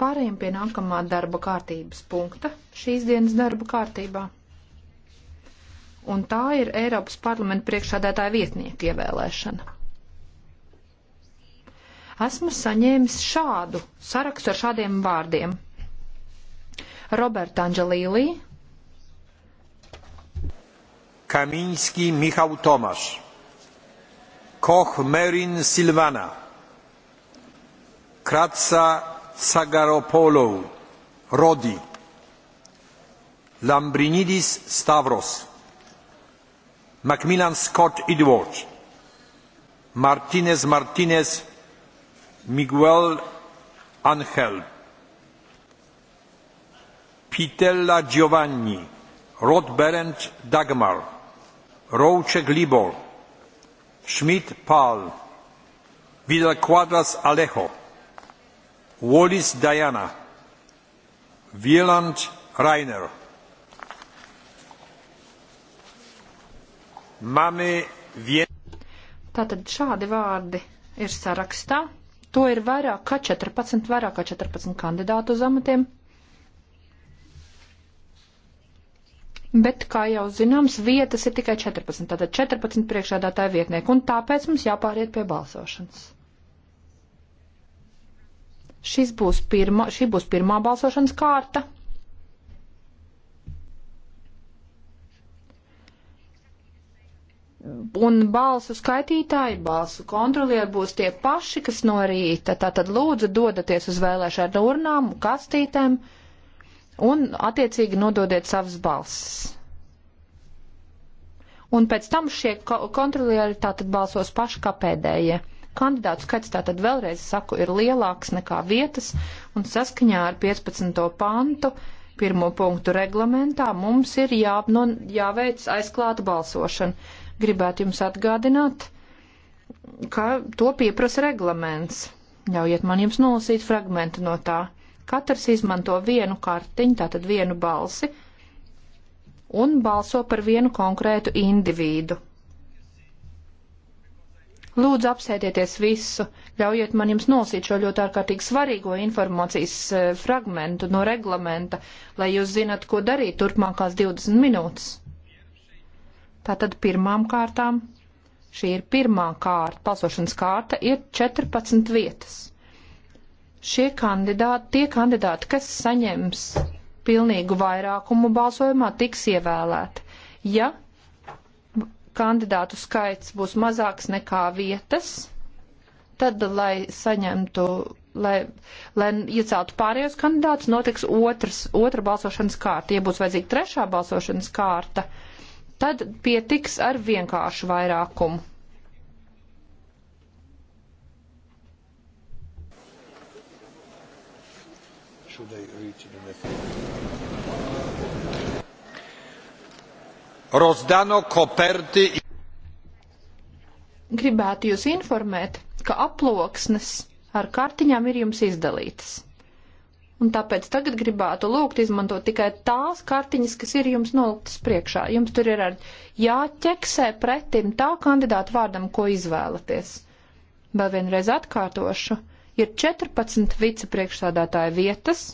Pārējiem pie nākamā darba kārtības punkta šīs dienas darba kārtībā. Un tā ir Eiropas parlamenta priekšādētāja vietnieka ievēlēšana. Esmu saņēmis šādu sarakstu ar šādiem vārdiem. Roberta Anģelīlī. Kamiński Michał Tomasz. Koch Merin Silvana. Kratsa Sagaropoulou, Rodi, Lambrinidis Stavros, Macmillan Scott Edward, Martinez Martinez, Miguel Angel, Pitella Giovanni, Rothberend Dagmar, Rouczek Libor, Schmidt Paul, Vidal Quadras Alejo, Wallis Diana, Wieland Rainer. Mamy vien... Tātad šādi vārdi ir sarakstā. To ir vairāk kā 14, vairāk kā 14 kandidātu uz amatiem. Bet, kā jau zināms, vietas ir tikai 14, tātad 14 priekšādātāja vietnieku, un tāpēc mums jāpāriet pie balsošanas. Šis būs pirma, šī būs pirmā balsošanas kārta. Un balsu skaitītāji, balsu kontrolieri būs tie paši, kas no rīta. Tātad lūdzu dodaties uz vēlēšanu urnām, kastītēm un attiecīgi nododiet savas balsis. Un pēc tam šie kontrolieri tātad balsos paši kā pēdējie. Kandidātu skaits tātad vēlreiz saku ir lielāks nekā vietas un saskaņā ar 15. pantu pirmo punktu reglamentā mums ir jāapno, jāveic aizklāta balsošana. Gribētu jums atgādināt, ka to pieprasa reglaments. Ļaujiet man jums nolasīt fragmentu no tā. Katrs izmanto vienu kartiņu, tātad vienu balsi, un balso par vienu konkrētu individu. Lūdzu, apsēdieties visu, ļaujiet man jums nosīt šo ļoti ārkārtīgi svarīgo informācijas e, fragmentu no reglamenta, lai jūs zinat, ko darīt turpmākās 20 minūtes. Tātad pirmām kārtām, šī ir pirmā kārta, balsošanas kārta, ir 14 vietas. Šie kandidāti, tie kandidāti, kas saņems pilnīgu vairākumu balsojumā, tiks ievēlēti. Ja kandidātu skaits būs mazāks nekā vietas, tad, lai saņemtu, lai, lai ieceltu pārējos kandidātus, notiks otrs, otra balsošanas kārta. Ja būs vajadzīga trešā balsošanas kārta, tad pietiks ar vienkāršu vairākumu. Should I reach the next? Rozdano koperti. Gribētu jūs informēt, ka aploksnes ar kartiņām ir jums izdalītas. Un tāpēc tagad gribētu lūgt izmantot tikai tās kartiņas, kas ir jums noliktas priekšā. Jums tur ir ar jāķeksē pretim tā kandidāta vārdam, ko izvēlaties. Vēl vienreiz atkārtošu, ir 14 vicepriekšsādātāja vietas,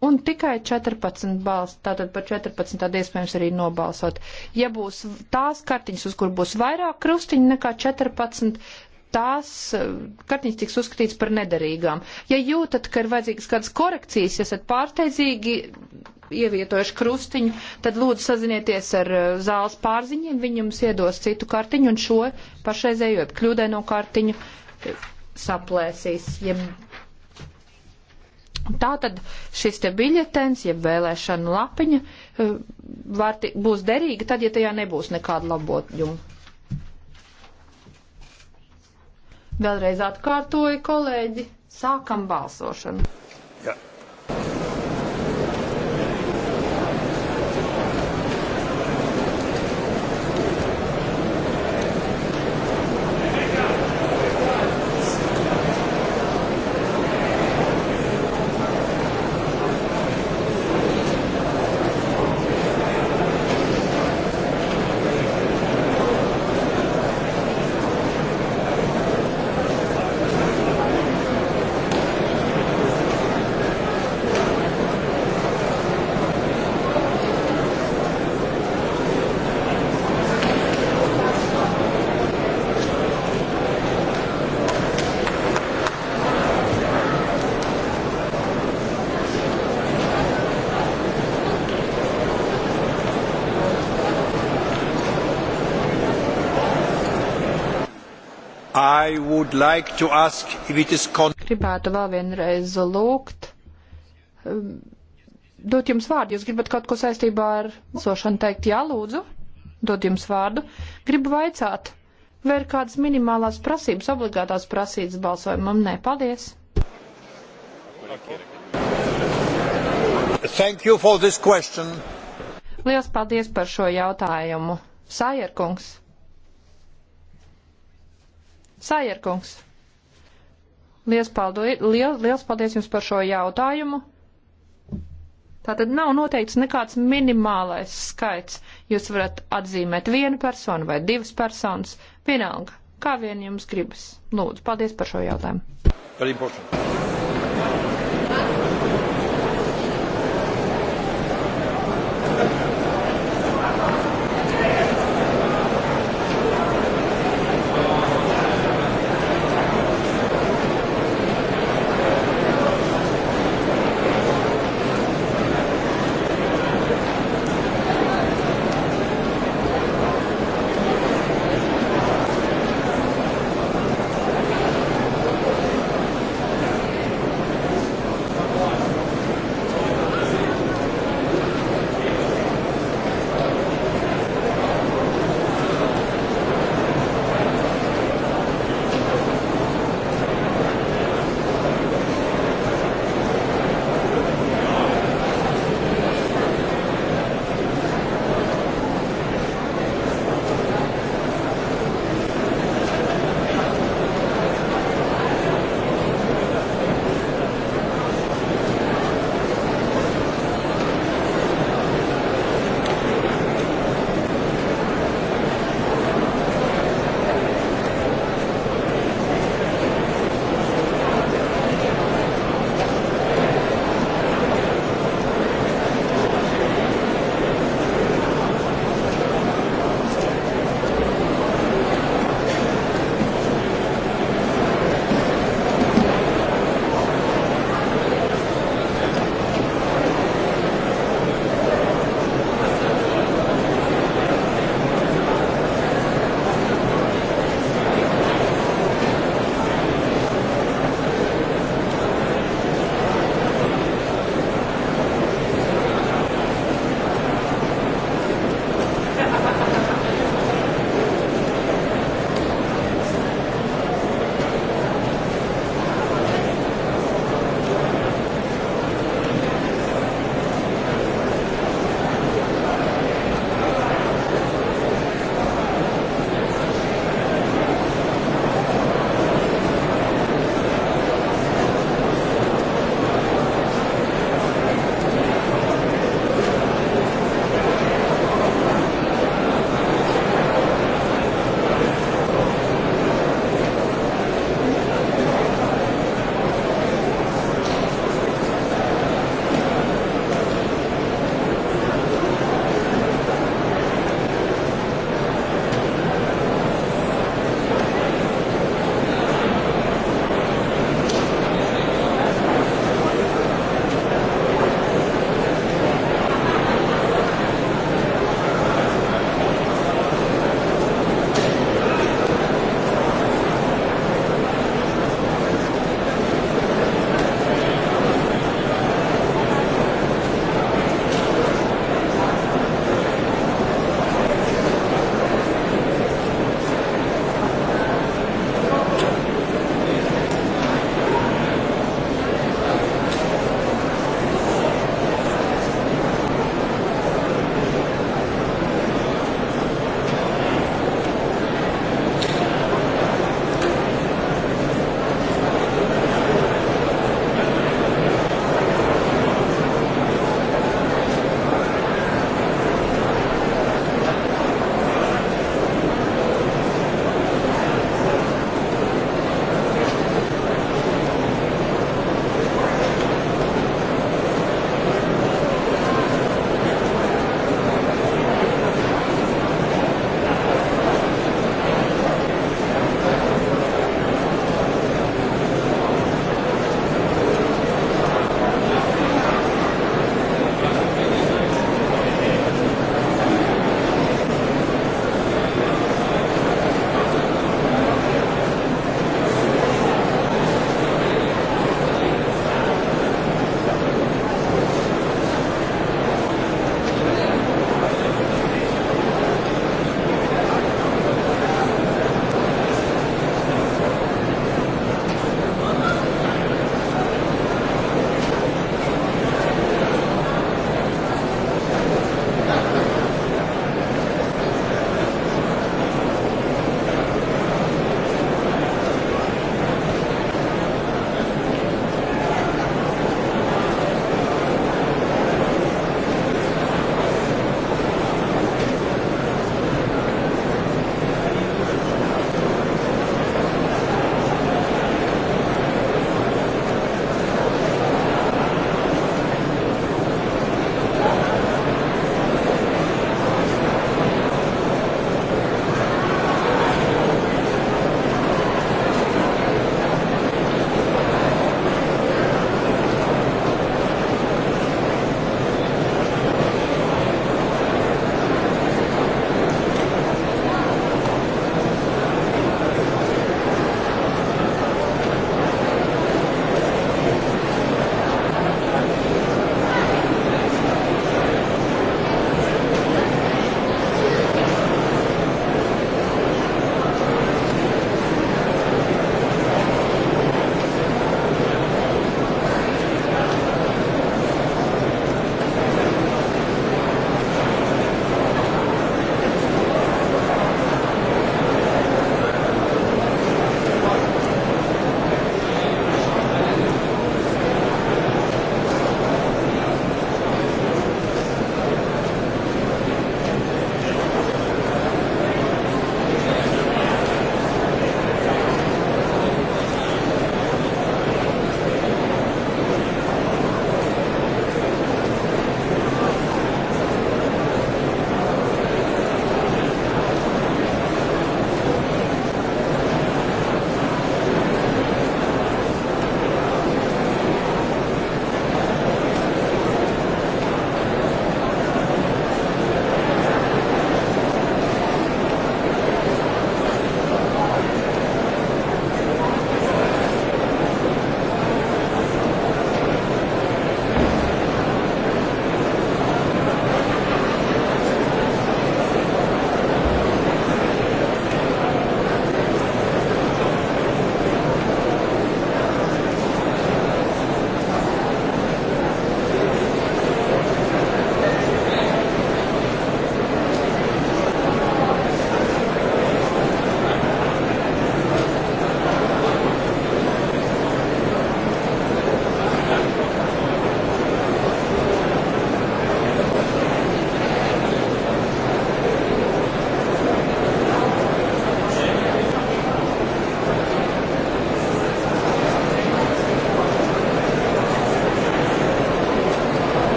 un tikai 14 balss, tātad par 14 tad iespējams arī nobalsot. Ja būs tās kartiņas, uz kur būs vairāk krustiņu nekā 14, tās eh, kartiņas tiks uzskatīts par nederīgām. Ja jūtat, ka ir vajadzīgas kādas korekcijas, ja esat pārsteidzīgi ievietojuši krustiņu, tad lūdzu sazinieties ar eh, zāles pārziņiem, viņi jums iedos citu kartiņu un šo pašreizējo kļūdaino kartiņu eh, saplēsīs. Ja Tātad šis te biļetens, jeb vēlēšana lapiņa, eh, ti, būs derīga tad, ja tajā nebūs nekāda labotņuma. Vēlreiz atkārtoju, kolēģi, sākam balsošanu. Jā. Ja. Like is... Gribētu vēl vienreiz lūgt, um, dot jums vārdu. Jūs gribat kaut ko saistībā ar balsošanu teikt? Jā, lūdzu, dot jums vārdu. Gribu vaicāt, vai ir kādas minimālās prasības, obligātās prasības balsojumam? Nē, paldies. Liels paldies par šo jautājumu. Sajerkungs. Sajerkungs, liels, paldies, liels, liels paldies jums par šo jautājumu. Tātad nav noteikts nekāds minimālais skaits. Jūs varat atzīmēt vienu personu vai divas personas. Vienalga, kā vien jums gribas. Lūdzu, paldies par šo jautājumu. Very important.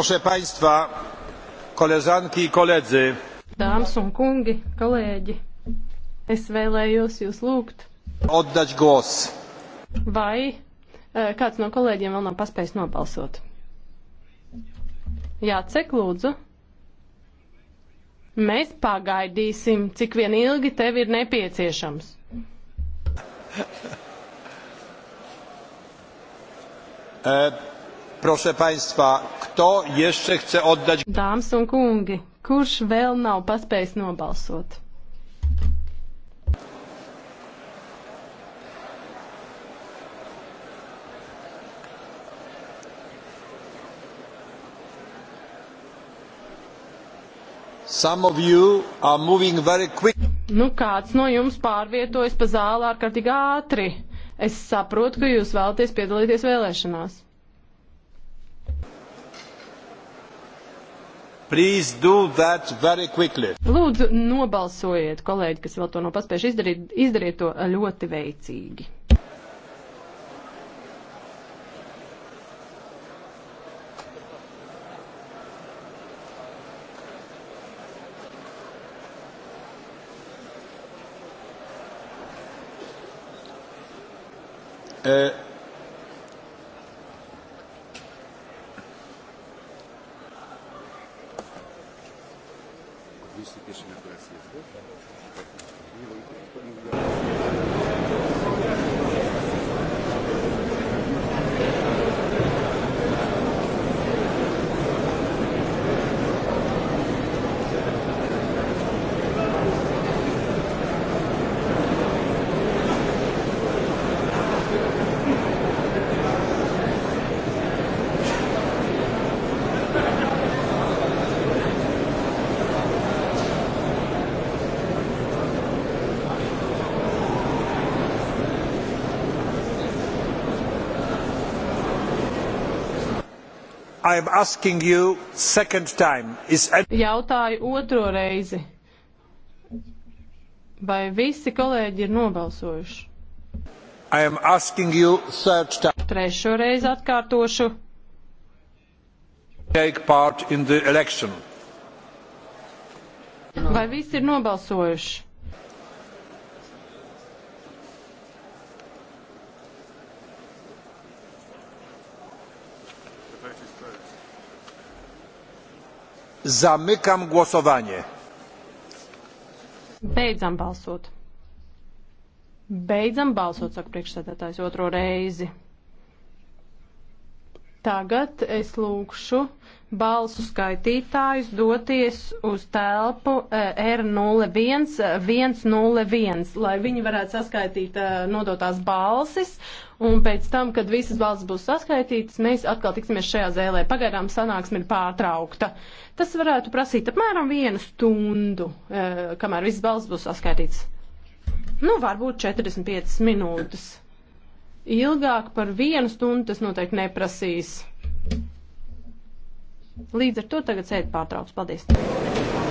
Proszę Państwa, koleżanki i koledzy. Dāmas un kungi, kolēģi, es vēlējos jūs lūgt. Oddać głos. Vai eh, kāds no kolēģiem vēl nav paspējis nobalsot? Jācek, lūdzu. Mēs pagaidīsim, cik vien ilgi tev ir nepieciešams. uh. Proszę Państwa, kto jeszcze chce oddać... Dāmas un kungi, kurš vēl nav paspējis nobalsot? Nu, kāds no jums pārvietojas pa zāli ārkārtīgi ātri. Es saprotu, ka jūs vēlaties piedalīties vēlēšanās. Lūdzu, nobalsojiet, kolēģi, kas vēl to nav paspējuši izdarīt, izdariet to ļoti veicīgi. Uh, Is... Jautāju otro reizi. Vai visi kolēģi ir nobalsojuši? Trešo reizi atkārtošu. Vai visi ir nobalsojuši? Zamykam głosowanie. Beidzam balsot. Beidzam balsot, saka priekšsēdētājs otro reizi. Tagad es lūkšu balsu skaitītājus doties uz telpu eh, R01101, eh, lai viņi varētu saskaitīt eh, nodotās balsis. Un pēc tam, kad visas balsis būs saskaitītas, mēs atkal tiksimies šajā zēlē. Pagaidām sanāksme ir pārtraukta. Tas varētu prasīt apmēram vienu stundu, kamēr visas balsis būs saskaitītas. Nu, varbūt 45 minūtes. Ilgāk par vienu stundu tas noteikti neprasīs. Līdz ar to tagad sēdi pārtrauc. Paldies!